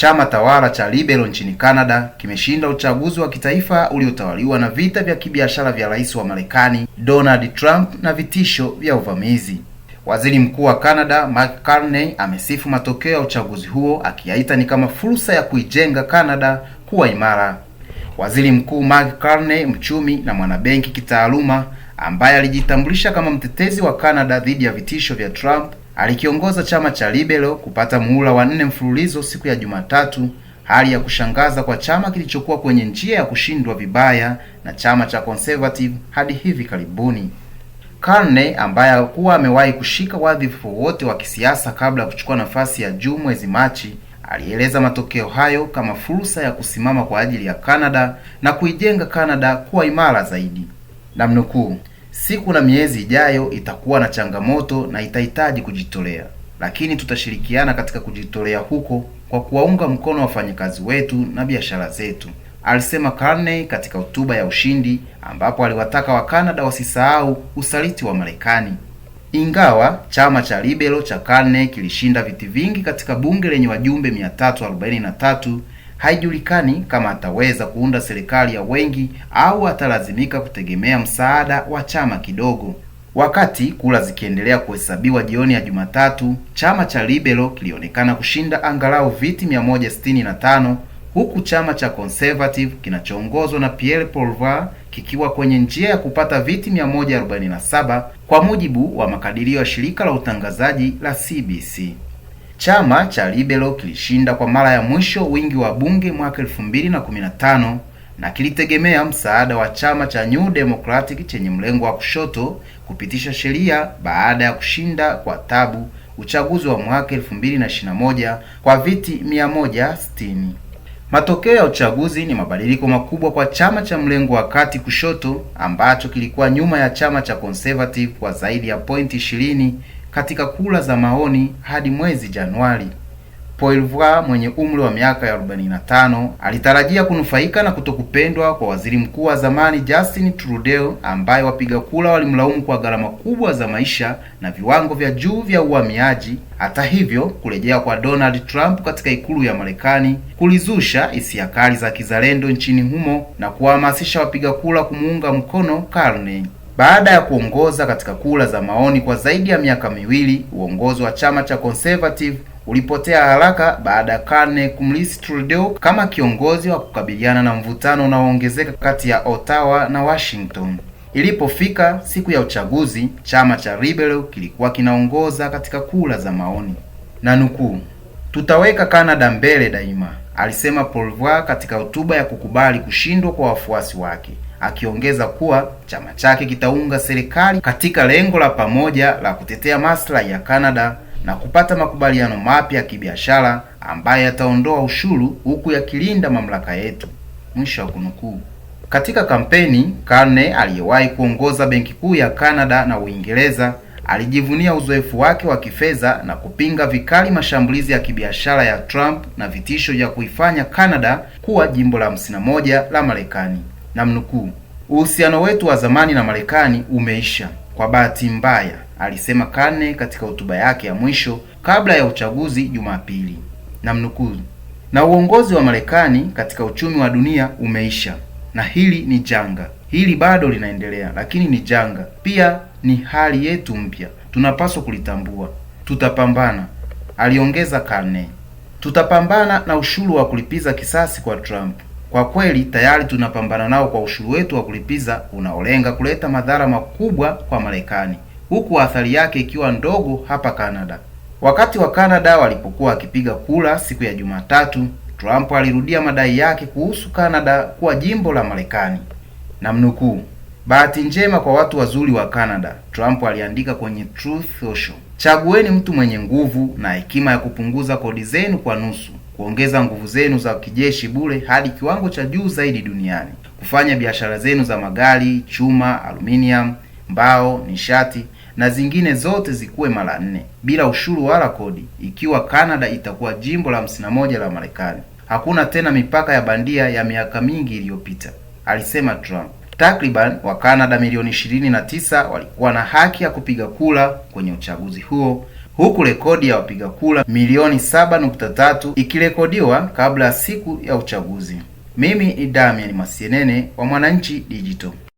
chama tawala cha Liberal nchini Canada kimeshinda uchaguzi wa kitaifa uliotawaliwa na vita vya kibiashara vya rais wa Marekani Donald Trump na vitisho vya uvamizi. Waziri Mkuu wa Canada Mark Carney amesifu matokeo ya uchaguzi huo akiyaita ni kama fursa ya kuijenga Canada kuwa imara. Waziri Mkuu Mark Carney, mchumi na mwanabenki kitaaluma, ambaye alijitambulisha kama mtetezi wa Canada dhidi ya vitisho vya Trump alikiongoza chama cha Liberal kupata muhula wa nne mfululizo siku ya Jumatatu, hali ya kushangaza kwa chama kilichokuwa kwenye njia ya kushindwa vibaya na chama cha Conservative hadi hivi karibuni. Carney ambaye alikuwa amewahi kushika wadhifa wote wa kisiasa kabla ya kuchukua nafasi ya juu mwezi Machi alieleza matokeo hayo kama fursa ya kusimama kwa ajili ya Canada na kuijenga Canada kuwa imara zaidi. Namnukuu, Siku na miezi ijayo itakuwa na changamoto na itahitaji kujitolea, lakini tutashirikiana katika kujitolea huko kwa kuwaunga mkono wafanyakazi wetu na biashara zetu, alisema Carney katika hotuba ya ushindi, ambapo aliwataka Wakanada wasisahau usaliti wa Marekani. Ingawa chama cha Liberal cha Carney kilishinda viti vingi katika bunge lenye wajumbe 343 haijulikani kama ataweza kuunda serikali ya wengi au atalazimika kutegemea msaada wa chama kidogo. Wakati kura zikiendelea kuhesabiwa jioni ya Jumatatu, chama cha Liberal kilionekana kushinda angalau viti 165 huku chama cha Conservative kinachoongozwa na Pierre Poilievre kikiwa kwenye njia ya kupata viti 147 kwa mujibu wa makadirio ya shirika la utangazaji la CBC. Chama cha Liberal kilishinda kwa mara ya mwisho wingi wa bunge mwaka 2015 na kilitegemea msaada wa chama cha New Democratic chenye mlengo wa kushoto kupitisha sheria baada ya kushinda kwa tabu uchaguzi wa mwaka 2021 kwa viti 160. Matokeo ya uchaguzi ni mabadiliko makubwa kwa chama cha mlengo wa kati kushoto ambacho kilikuwa nyuma ya chama cha Conservative kwa zaidi ya pointi katika kura za maoni hadi mwezi Januari. Poilvra mwenye umri wa miaka ya 45 alitarajia kunufaika na kutokupendwa kwa waziri mkuu wa zamani Justin Trudeau ambaye wapiga kura walimlaumu kwa gharama kubwa za maisha na viwango vya juu vya uhamiaji. Hata hivyo, kurejea kwa Donald Trump katika ikulu ya Marekani kulizusha hisia kali za kizalendo nchini humo na kuwahamasisha wapiga kura kumuunga mkono Carney. Baada ya kuongoza katika kura za maoni kwa zaidi ya miaka miwili, uongozi wa chama cha Conservative ulipotea haraka baada ya Carney kumlisi Trudeau kama kiongozi wa kukabiliana na mvutano unaoongezeka kati ya Ottawa na Washington. Ilipofika siku ya uchaguzi, chama cha Liberal kilikuwa kinaongoza katika kura za maoni, na nukuu, tutaweka Canada mbele daima, alisema Poilievre katika hotuba ya kukubali kushindwa kwa wafuasi wake akiongeza kuwa chama chake kitaunga serikali katika lengo la pamoja la kutetea maslahi ya Canada na kupata makubaliano mapya ya kibiashara ambayo yataondoa ushuru huku yakilinda mamlaka yetu. Mwisho wa kunukuu. Katika kampeni, Carney aliyewahi kuongoza benki kuu ya Canada na Uingereza alijivunia uzoefu wake wa kifedha na kupinga vikali mashambulizi ya kibiashara ya Trump na vitisho vya kuifanya Canada kuwa jimbo la 51 la Marekani mnukuu, uhusiano wetu wa zamani na Marekani umeisha kwa bahati mbaya, alisema Kane katika hotuba yake ya mwisho kabla ya uchaguzi Jumapili, mnukuu, na uongozi wa Marekani katika uchumi wa dunia umeisha, na hili ni janga. Hili bado linaendelea, lakini ni janga pia, ni hali yetu mpya, tunapaswa kulitambua. Tutapambana, aliongeza Kane, Tutapambana na ushuru wa kulipiza kisasi kwa Trump. Kwa kweli tayari tunapambana nao kwa ushuru wetu wa kulipiza unaolenga kuleta madhara makubwa kwa Marekani, huku athari yake ikiwa ndogo hapa Canada. Wakati wa Canada walipokuwa wakipiga kura siku ya Jumatatu, Trump alirudia madai yake kuhusu Canada kuwa jimbo la Marekani. Namnukuu, bahati njema kwa watu wazuri wa Canada, Trump aliandika kwenye Truth Social, chagueni mtu mwenye nguvu na hekima ya kupunguza kodi zenu kwa nusu kuongeza nguvu zenu za kijeshi bure hadi kiwango cha juu zaidi duniani, kufanya biashara zenu za magari, chuma, aluminium, mbao, nishati na zingine zote zikuwe mara nne bila ushuru wala kodi, ikiwa Canada itakuwa jimbo la hamsini na moja la Marekani. Hakuna tena mipaka ya bandia ya miaka mingi iliyopita, alisema Trump. Takriban wa canada milioni 29 walikuwa na haki ya kupiga kura kwenye uchaguzi huo huku rekodi ya wapiga kura milioni 7.3 ikirekodiwa kabla ya siku ya uchaguzi. Mimi ni Damian Masienene wa Mwananchi Digital.